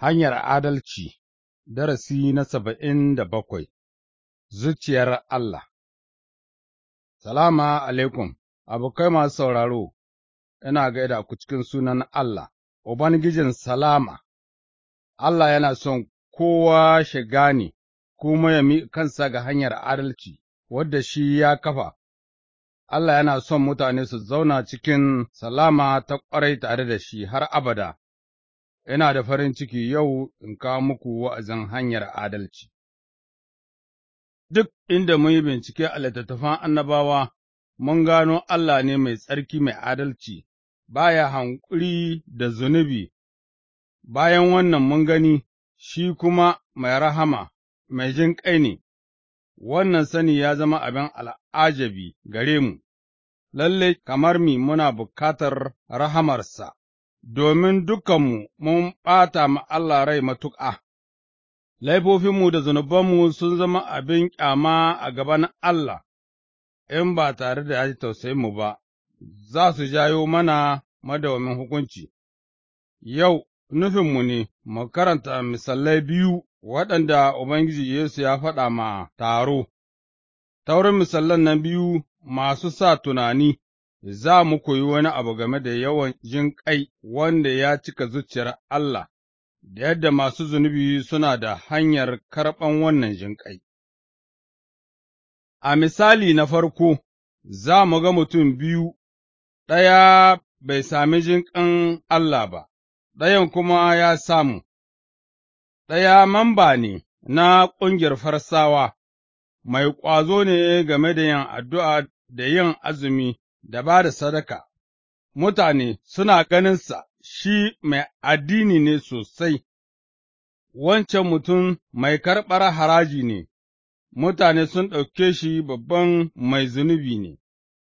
Hanyar Adalci Darasi na saba'in da bakwai Zuciyar Allah Salama alaikum, abokai masu sauraro, ina gaida ku cikin sunan Allah, Ubangijin Salama, Allah yana son kowa shiga ne, kuma ya mi kansa ga hanyar adalci, wadda shi ya kafa, Allah yana son mutane su zauna cikin salama ta ƙwarai tare da shi har abada. ina da farin ciki yau in kawo muku wa'azin hanyar adalci. Duk inda mun yi bincike a littattafan annabawa, mun gano Allah ne mai tsarki mai adalci, baya hankuri da zunubi, bayan wannan mun gani shi kuma mai rahama, mai jin ƙai ne, wannan sani ya zama abin al'ajabi gare mu, lalle kamar mi muna bukatar rahamarsa. domin dukanmu mun ɓata ma Allah rai matuƙa, laifofinmu da zunubanmu sun zama abin ƙyama a gaban Allah, in ba tare da ya ji mu ba, za su jayo mana madawamin hukunci. Yau, nufinmu ne, mu karanta misalai biyu waɗanda Ubangiji Yesu ya faɗa ma taro, Taurin misalan nan biyu masu sa tunani. za mu koyi wani abu game da yawan jinƙai wanda ya cika zuciyar Allah, da yadda masu zunubi suna da hanyar karɓan wannan jinƙai. A misali na farko, za mu ga mutum biyu, ɗaya bai sami jinƙan Allah ba, ɗayan kuma ya samu, ɗaya mamba ne na ƙungiyar farsawa, mai ƙwazo ne game da yin addu'a da yin azumi da ba da sadaka, mutane suna ganinsa shi mai addini ne sosai, wancan mutum mai karɓar haraji ne, mutane sun ɗauke shi babban mai zunubi ne,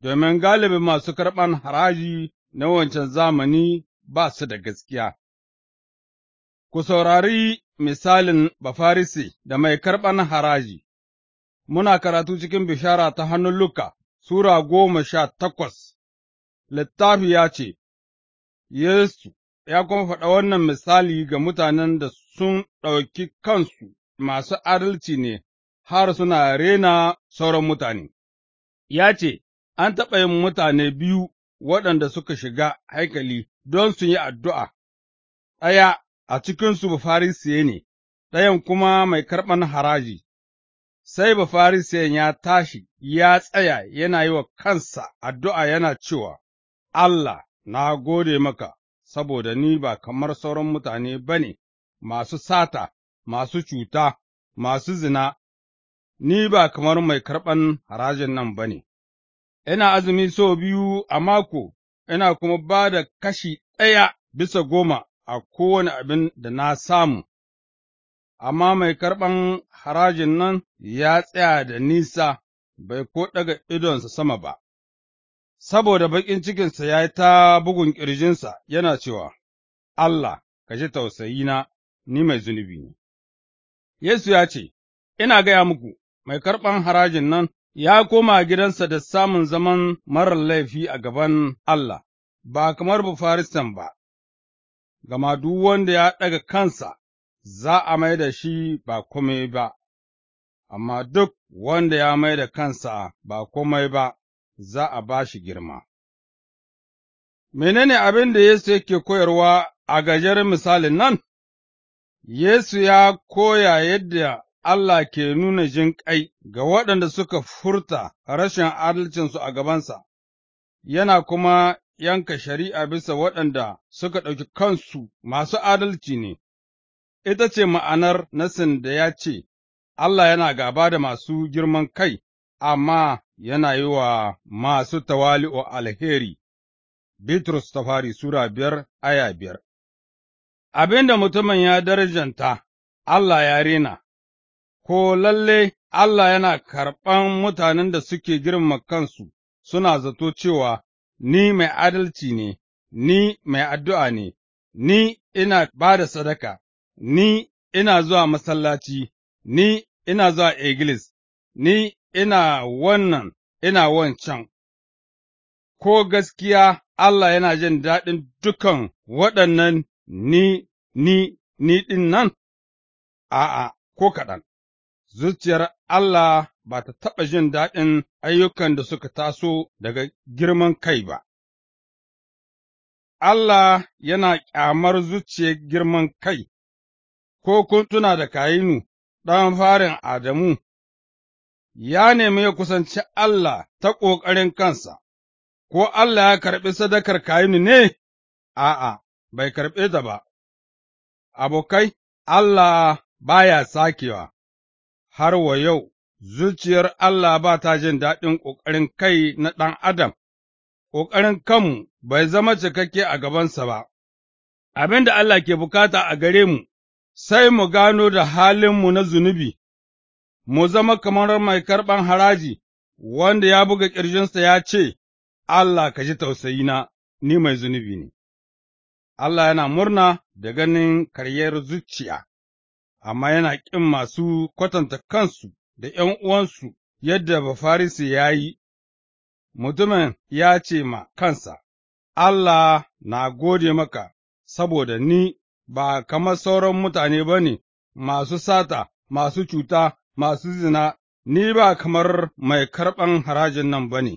domin galibi masu karɓan haraji na wancan zamani ba su da gaskiya. Ku saurari misalin Bafarisi da mai karɓan haraji, muna karatu cikin bishara ta hannun Luka Sura goma sha takwas Littafi ya ce, Yesu ya kuma faɗa wannan misali ga mutanen da sun ɗauki kansu masu adalci ne har suna rena sauran mutane. Ya ce, An taɓa yin mutane biyu waɗanda suka shiga haikali don su yi addu'a, ɗaya a cikinsu Bufarisiye ne, ɗayan kuma mai karɓan haraji. sai Bafarisiyen ya tashi ya tsaya yana yi wa kansa addu'a yana cewa, Allah, na gode maka, saboda ni ba kamar sauran mutane ba ne, masu sata, masu cuta, masu zina, ni ba kamar mai karɓan harajin nan ba ne. Ina azumi so biyu a mako, ina kuma ba da kashi ɗaya bisa goma a kowane abin da na samu, amma mai karɓan harajin nan ya tsaya da nisa bai ko ɗaga idonsa sama ba, saboda baƙin cikinsa ya yi ta bugun ƙirjinsa yana cewa, Allah, ka ji tausayina, ni mai zunubi ne. Yesu ya ce, Ina gaya muku, mai karɓan harajin nan ya koma gidansa da samun zaman marar laifi a gaban Allah, ba kamar ba, gama duk wanda ya ɗaga kansa za a mai da shi ba kome ba, amma duk wanda ya mai da kansa ba kome ba, za a ba shi girma. Menene abin da Yesu yake koyarwa a gajar misalin nan? Yesu ya koya yadda Allah ke nuna jinƙai ga waɗanda suka furta rashin adalcinsu a gabansa, yana kuma yanka shari'a bisa waɗanda suka ɗauki kansu masu adalci ne, ita ce ma'anar nasin da ya ce, Allah yana gaba da masu girman kai, amma yana yi wa masu tawali'u alheri. Bitrus ta fari Sura biyar aya biyar Abin da mutumin ya darajanta, Allah ya rena, ko lalle Allah yana karɓan mutanen da suke girma kansu, suna zato cewa, Ni mai adalci ne, ni mai addu'a ne, ni ina ba da sadaka, ni ina zuwa masallaci, ni ina zuwa Iglis, ni ina wannan, ina wancan. Ko gaskiya Allah yana jin daɗin dukan waɗannan ni, ni, ni ɗin nan? A'a, ko kaɗan, zuciyar Allah ba ta taɓa jin daɗin ayyukan da suka taso daga girman kai ba. Allah yana ƙyamar zuciyar girman kai, ko kun tuna da Kayinu, ɗan farin Adamu, ya nemi ya kusanci Allah ta ƙoƙarin kansa, ko Allah ya karɓi sadakar Kayinu ne? A'a, bai karɓe ta ba, abokai, Allah ba baya sakewa, har wa yau, zuciyar Allah ba ta jin daɗin ƙoƙarin kai na ɗan Adam, ƙoƙarin kanmu bai zama cikakke a gabansa ba, abin da Allah ke bukata a gare mu sai mu gano da halinmu na zunubi, mu zama kamar mai karɓan haraji, wanda ya buga ƙirjinsa ya ce, Allah ka ji tausayina, ni mai zunubi ne. Allah yana murna da ganin karyar zuciya, amma yana ƙin masu kwatanta kansu da ’yan uwansu yadda Bafarisi ya yi, mutumin ya ce ma kansa, Allah na gode maka saboda ni ba kamar sauran mutane ba ne, masu sata, masu cuta, masu zina, ni ba kamar mai karɓan harajin nan ba ne,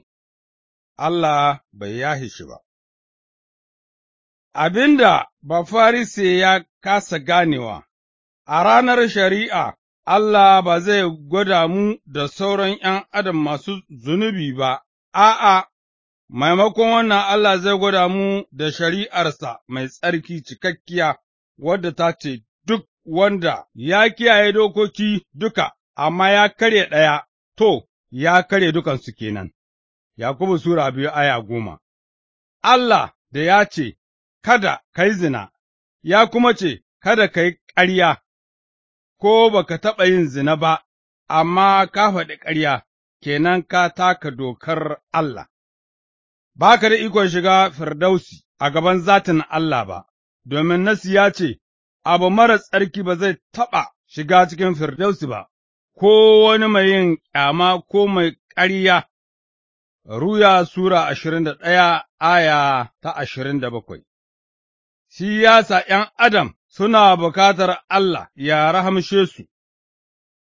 Allah bai yahi shi ba. Abinda farise ya kasa ganewa, a ranar shari'a Allah ba zai gwada mu da sauran ’yan adam masu zunubi ba, a'a, maimakon wannan Allah zai gwada mu da shari'arsa mai tsarki cikakkiya, wadda ta ce, Duk wanda ya kiyaye dokoki duka, amma ya karya ɗaya, to, ya karya dukansu kenan. Yakubu Sura biyu aya goma Allah da ya ce, Kada ka yi zina, ya kuma ce, Kada ka yi ƙarya, ko ba ka taɓa yin zina ba, amma ka faɗi ƙarya, kenan ka taka dokar Allah. Ba ka da ikon shiga Firdausi a gaban zatin Allah ba. domin Nasi ya ce, Abu mara tsarki ba zai taɓa shiga cikin Firdausi ba, ko wani mai yin ƙyama ko mai ƙarya. Ruya Sura ashirin da ɗaya aya ta ashirin da bakwai Shi yasa ’yan Adam suna bukatar Allah ya rahamshe su,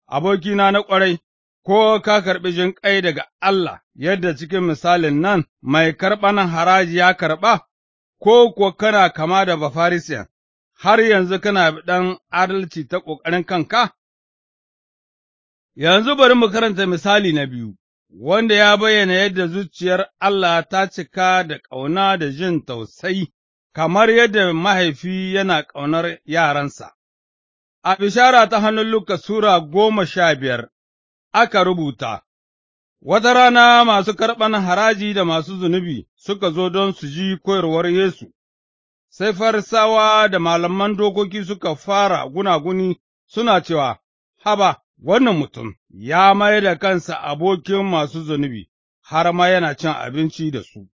abokina na ƙwarai, ko ka karɓi jinƙai daga Allah yadda cikin misalin nan mai karɓan haraji ya karɓa, ko kuwa kana kama da Bafarisiyan, har yanzu kana ɗan adalci ta ƙoƙarin kanka? Yanzu bari mu karanta misali na biyu, wanda ya bayyana yadda zuciyar Allah ta cika da ƙauna da jin tausayi, kamar yadda mahaifi yana ƙaunar yaransa. A bishara ta hannun Luka Sura goma sha biyar aka rubuta, Wata rana masu karɓan haraji da masu zunubi suka zo don su ji koyarwar Yesu, sai farisawa da malaman dokoki suka fara gunaguni suna cewa, Haba, wannan mutum ya mai da kansa abokin masu zunubi, har ma yana cin abinci da su,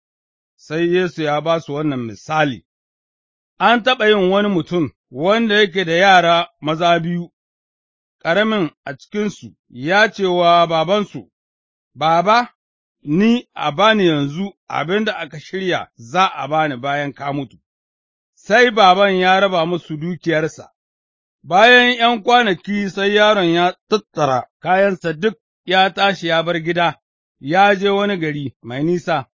sai Yesu ya ba su wannan misali. An taɓa yin wani mutum wanda yake da yara maza biyu, ƙaramin a cikinsu ya ce wa babansu, Baba, Ni a bani yanzu abin da aka shirya za a bani bayan ka mutu, sai baban ya raba musu dukiyarsa, bayan ’yan kwanaki sai yaron ya tattara kayansa duk ya tashi ya bar gida, ya je wani gari mai nisa,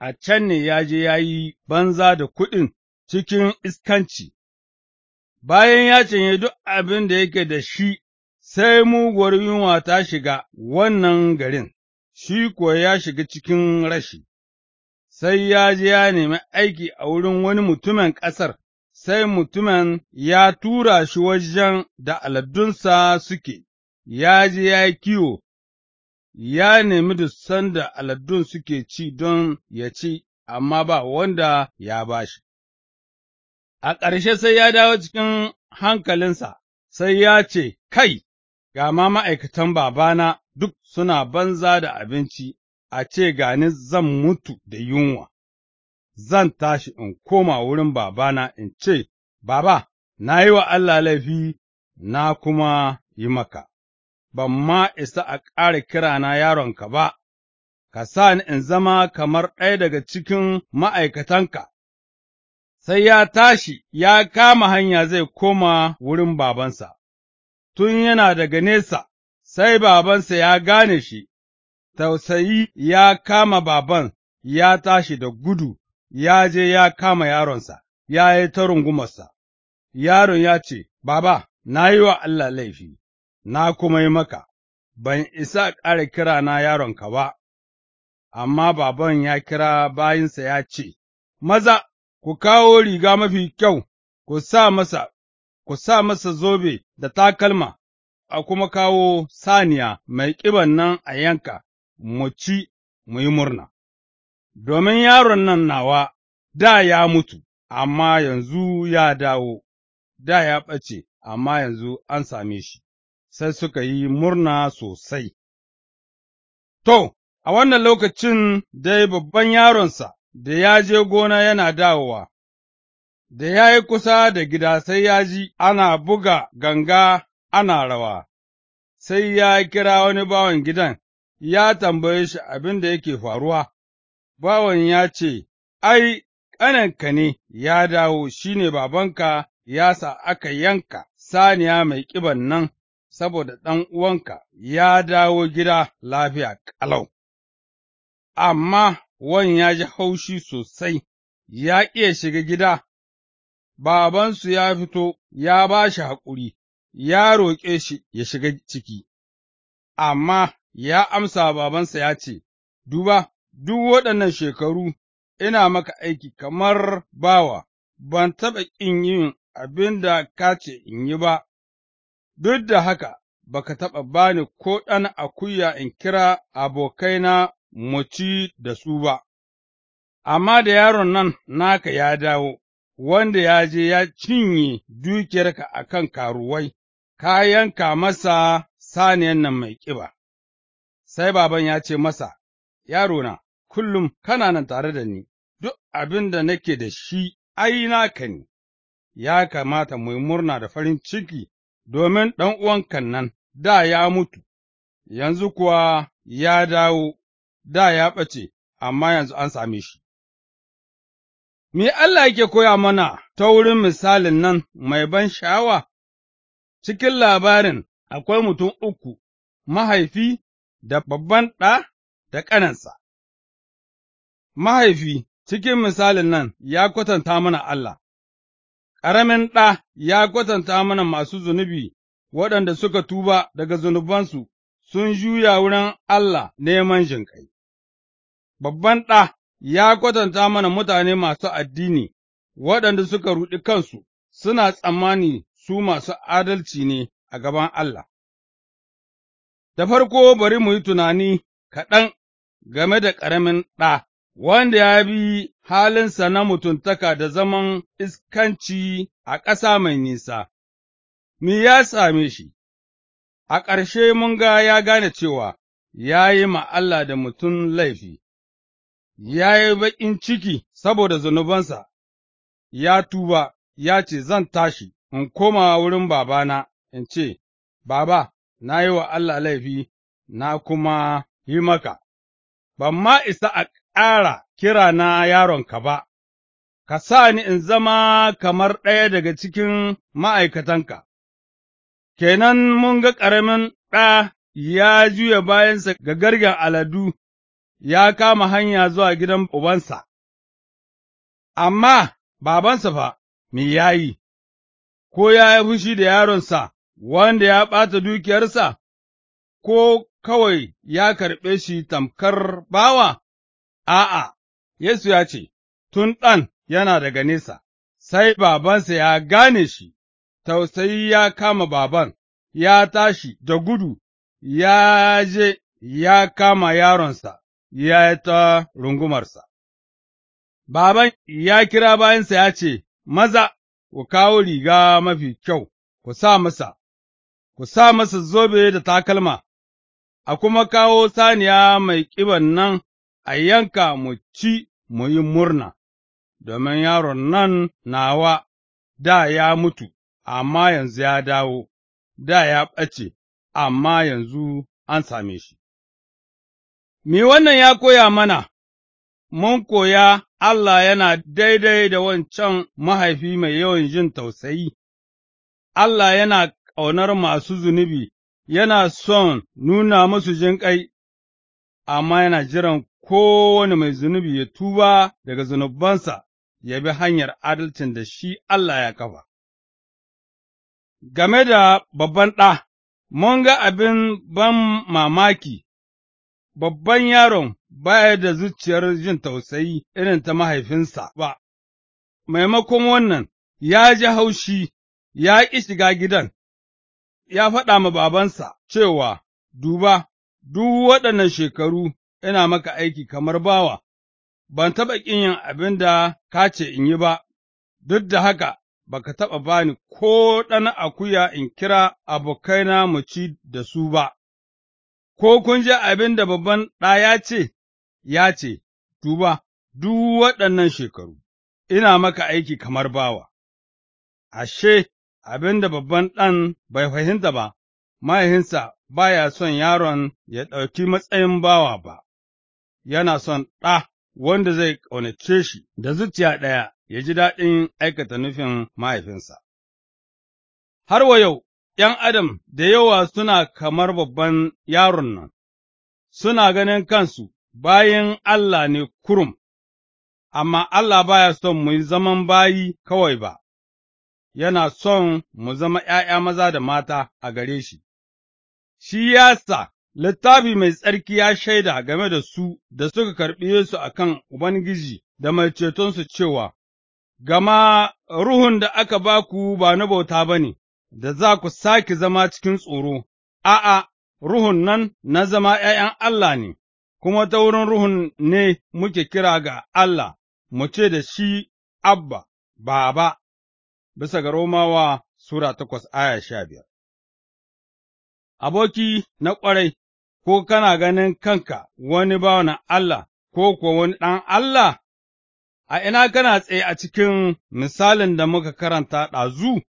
a can ne ya je ya yi banza da kuɗin cikin iskanci, bayan ya cinye duk abin da yake da shi sai muguwar yunwa ta shiga wannan garin. shi kuwa ya shiga cikin rashi, sai ya je ya nemi aiki a wurin wani mutumin ƙasar, sai mutumin ya tura shi wajen da aladunsa suke, ya je ya kiwo, ya nemi dusan da aladun suke ci don ya ci, amma ba wanda ya ba shi. A ƙarshe sai ya dawo cikin hankalinsa, sai ya ce, Kai, ga ma ma'aikatan babana duk suna banza da abinci, a ce gani zan mutu da yunwa, zan tashi in koma wurin babana in ce, Baba, na yi wa Allah laifi, na kuma yi maka, ban ma isa a ƙara kirana yaronka ba, ka sa ni in zama kamar ɗaya daga cikin ma'aikatanka. sai ya tashi ya kama hanya zai koma wurin babansa, tun yana daga nesa sai babansa ya gane shi, tausayi ya kama baban, ya tashi da gudu, ya je ya kama yaronsa, ya yi ta rungumarsa. Yaron ya ce, Baba, na yi wa Allah laifi, na kuma yi maka, ban isa ƙara kira na yaronka ba, amma baban ya kira bayinsa ya ce, Maza, ku kawo riga mafi kyau, ku sa masa, ku sa masa zobe da takalma, a kuma kawo saniya mai ƙiban nan a yanka, mu ci, mu yi murna, domin yaron nan nawa da ya mutu, amma yanzu ya dawo, da ya ɓace, amma yanzu an same shi, sai suka yi murna sosai. To, a wannan lokacin dai babban yaronsa da ya je gona yana dawowa, da ya yi kusa da gida sai ya ji ana buga ganga ana rawa, sai ya kira wani bawan gidan ya tambaye shi abin da yake faruwa, bawan ya ce, Ai, ƙananka ne ya dawo shi ne babanka ya sa aka yanka saniya mai ƙiban nan saboda ɗan uwanka ya dawo gida lafiya ƙalau. Amma wan ya ji haushi sosai, ya iya shiga gida, babansu ya fito ya ba shi haƙuri, ya roƙe shi ya shiga ciki, amma ya amsa babansa ya ce, Duba, duk waɗannan shekaru ina maka aiki kamar bawa, ban taɓa ƙin yin abin da ka ce in yi ba, duk da haka baka taɓa bani ko ɗan akuya in kira abokaina mu ci da su ba, amma da yaron nan naka ya dawo, wanda ya je ya cinye dukiyarka a kan karuwai, ka yanka masa saniyan nan mai ƙiba. Sai baban ya ce masa, Yarona, kullum kana nan tare da ni, duk abin da nake da shi ai naka ne, ya kamata mu murna da farin ciki domin uwanka nan da ya mutu, yanzu kuwa ya dawo, da ya ɓace, amma yanzu an same shi. Me Allah yake koya mana ta wurin misalin nan mai ban sha'awa? Cikin labarin akwai mutum uku, mahaifi da babban ɗa da ƙaninsa. Mahaifi cikin misalin nan ya kwatanta mana Allah, ƙaramin ɗa ya kwatanta mana masu zunubi waɗanda suka tuba daga zunubansu sun juya wurin Allah neman jinƙai. Babban ɗa ya kwatanta mana mutane masu addini waɗanda suka ruɗi kansu suna tsammani su masu adalci ne a gaban Allah. Da farko bari mu yi tunani kaɗan game da ƙaramin ɗa, wanda ya bi halinsa na mutuntaka da zaman iskanci a ƙasa mai nisa, me ya same shi, a ƙarshe mun ga ya gane cewa ya yi Allah da mutum laifi, ya yi baƙin ciki saboda zunubansa, ya tuba, ya ce zan tashi, in koma wurin babana in ce, Baba, na yi wa Allah laifi, na kuma yi maka, ban ma isa a ƙara kira na yaronka ba, ka sa ni in zama kamar ɗaya daga cikin ma'aikatanka, kenan mun ga ƙaramin ɗa ya juya bayansa ga gargen aladu, ya kama hanya zuwa gidan ubansa, amma babansa fa, me ya yi? ko ya yi fushi da yaronsa wanda ya ɓata dukiyarsa, ko kawai ya karɓe shi tamkar bawa? A'a, Yesu ya ce, Tun ɗan yana daga nesa, sai babansa ya gane shi, tausayi ya kama baban, ya tashi da gudu, ya je ya kama yaronsa, ya ta rungumarsa. Baban ya kira bayansa ya ce, Maza, ku kawo riga mafi kyau, ku sa masa, ku sa masa zobe da takalma, a kuma kawo saniya mai ƙiban nan a yanka mu ci mu yi murna, domin yaron nan nawa da ya mutu, amma yanzu ya dawo, da ya ɓace, amma yanzu an same shi. Me wannan ya koya mana, mun koya Allah yana daidai da wancan mahaifi mai yawan jin tausayi, Allah yana ƙaunar masu zunubi, yana son nuna musu jinƙai, amma yana jiran kowane mai zunubi ya tuba daga zunubansa ya bi hanyar adalcin da shi Allah ya kafa. Game da babban ɗa, mun ga abin ban mamaki babban yaron ba ya da zuciyar jin tausayi irin ta mahaifinsa ba, maimakon wannan ya ji haushi ya ƙi shiga gidan, ya faɗa ma babansa cewa, Duba, duk waɗannan shekaru ina maka aiki kamar bawa, ban taɓa ƙin yin abin da ka ce in yi ba, duk da haka baka taɓa bani ko ɗan akuya in kira abokaina mu ci da su ba. ko kun ji abin da babban ɗa ya ce, ya ce, Duba, duk waɗannan shekaru, ina maka aiki kamar bawa, ashe, abin da babban ɗan bai fahimta ba, mahaifinsa ba ya son yaron ya ɗauki matsayin bawa ba, yana son ɗa wanda zai ƙaunace shi da zuciya ɗaya ya ji daɗin aikata nufin mahaifinsa. Har wa yau, ’yan adam da yawa suna kamar babban yaron nan, suna ganin kansu bayan Allah ne kurum, amma Allah baya son mu yi zaman bayi kawai ba, yana son mu zama ’ya'ya maza da mata a gare shi, shi ya sa littafi mai tsarki ya shaida game da su da suka karɓi Yesu a kan Ubangiji da mai cetonsu cewa, Gama ruhun da aka baku ba na bauta ba ne. da za ku sake zama cikin tsoro, a'a, ruhun nan na zama ’ya'yan Allah ne, kuma ta wurin ruhun ne muke kira ga Allah, mu ce da shi Abba, Baba, bisa ga Romawa Sura takwas aya sha biyar. Aboki na ƙwarai, ko kana ganin kanka wani bawan Allah ko kuwa wani ɗan Allah, a ina kana tsaye a cikin misalin da muka karanta ɗazu?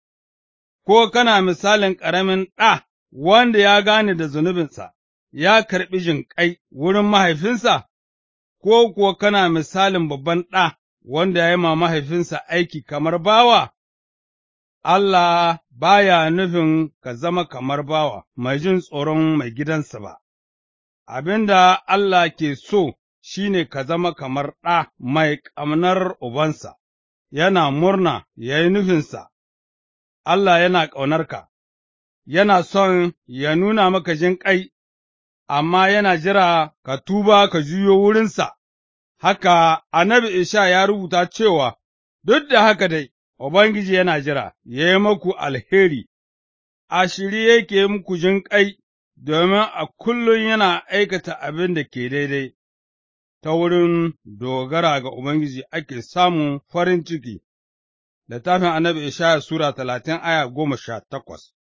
ko kana misalin ƙaramin ɗa wanda ya gane da zunubinsa, ya karɓi jinƙai wurin mahaifinsa, ko kuwa kana misalin babban ɗa wanda ya yi ma mahaifinsa aiki kamar bawa, Allah baya nufin ka zama kamar bawa mai jin tsoron mai gidansa ba, abin da Allah ke so shi ne ka zama kamar ɗa mai ƙamnar ubansa, yana murna ya yi nufinsa. Allah yana ƙaunarka, yana son ya nuna maka jin ƙai, amma yana jira ka tuba ka juyo wurinsa, haka annabi Isha ya rubuta cewa, Duk da haka dai, Ubangiji yana jira, ya yi maku alheri, a shirye yake muku ƙai, domin a kullum yana aikata abin da ke daidai, ta wurin dogara ga Ubangiji ake samun farin ciki. littafin annabi Ishaya Sura talatin aya goma sha takwas.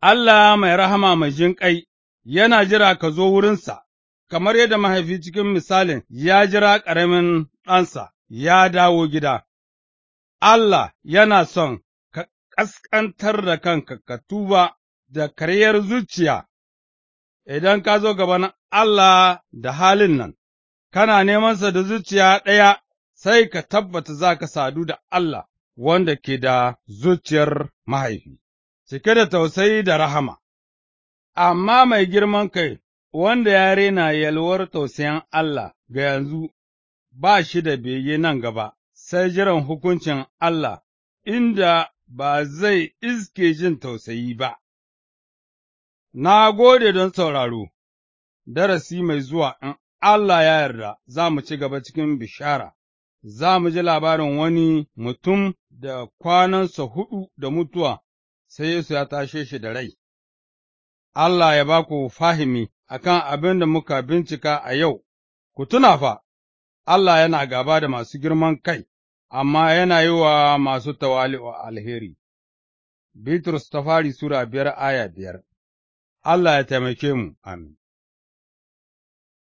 Allah mai rahama mai jinƙai yana jira ka zo wurinsa, kamar yadda mahaifi cikin misalin ya jira ƙaramin ɗansa ya dawo gida. Allah yana son ka ƙasƙantar da kanka ka tuba da karyar zuciya, idan ka zo gaban Allah da halin nan, kana nemansa da zuciya ɗaya sai ka tabbata za ka sadu da Allah wanda ke da zuciyar mahaifi, cike da tausayi da rahama, amma mai girman kai wanda ya rena yalwar tausayin Allah ga yanzu ba shi da bege nan gaba, sai jiran hukuncin Allah inda ba zai iske jin tausayi ba. Na gode don sauraro, darasi mai zuwa in Allah ya yarda za mu ci gaba cikin bishara. za mu ji labarin wani mutum da kwanansa huɗu da mutuwa, sai Yesu ya tashe shi da rai. Allah ya ba ku fahimi a kan abin da muka bincika a yau, ku tuna fa, Allah yana gaba da masu girman kai, amma yana yi wa masu tawali'u alheri. Bitrus ta fari Sura biyar aya biyar Allah ya taimake mu, amin.